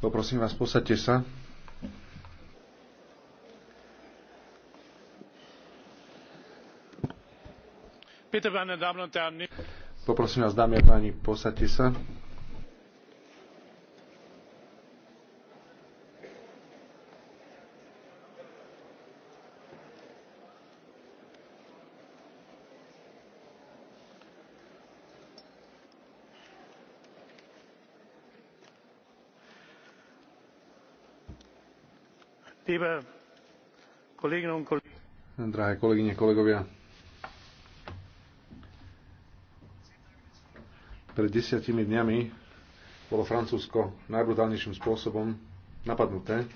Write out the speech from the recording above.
Poprosím vás, posaďte sa. Poprosím vás, dámy a páni, posaďte sa. Drahé kolegyne, kolegovia, pred desiatimi dňami bolo Francúzsko najbrutálnejším spôsobom napadnuté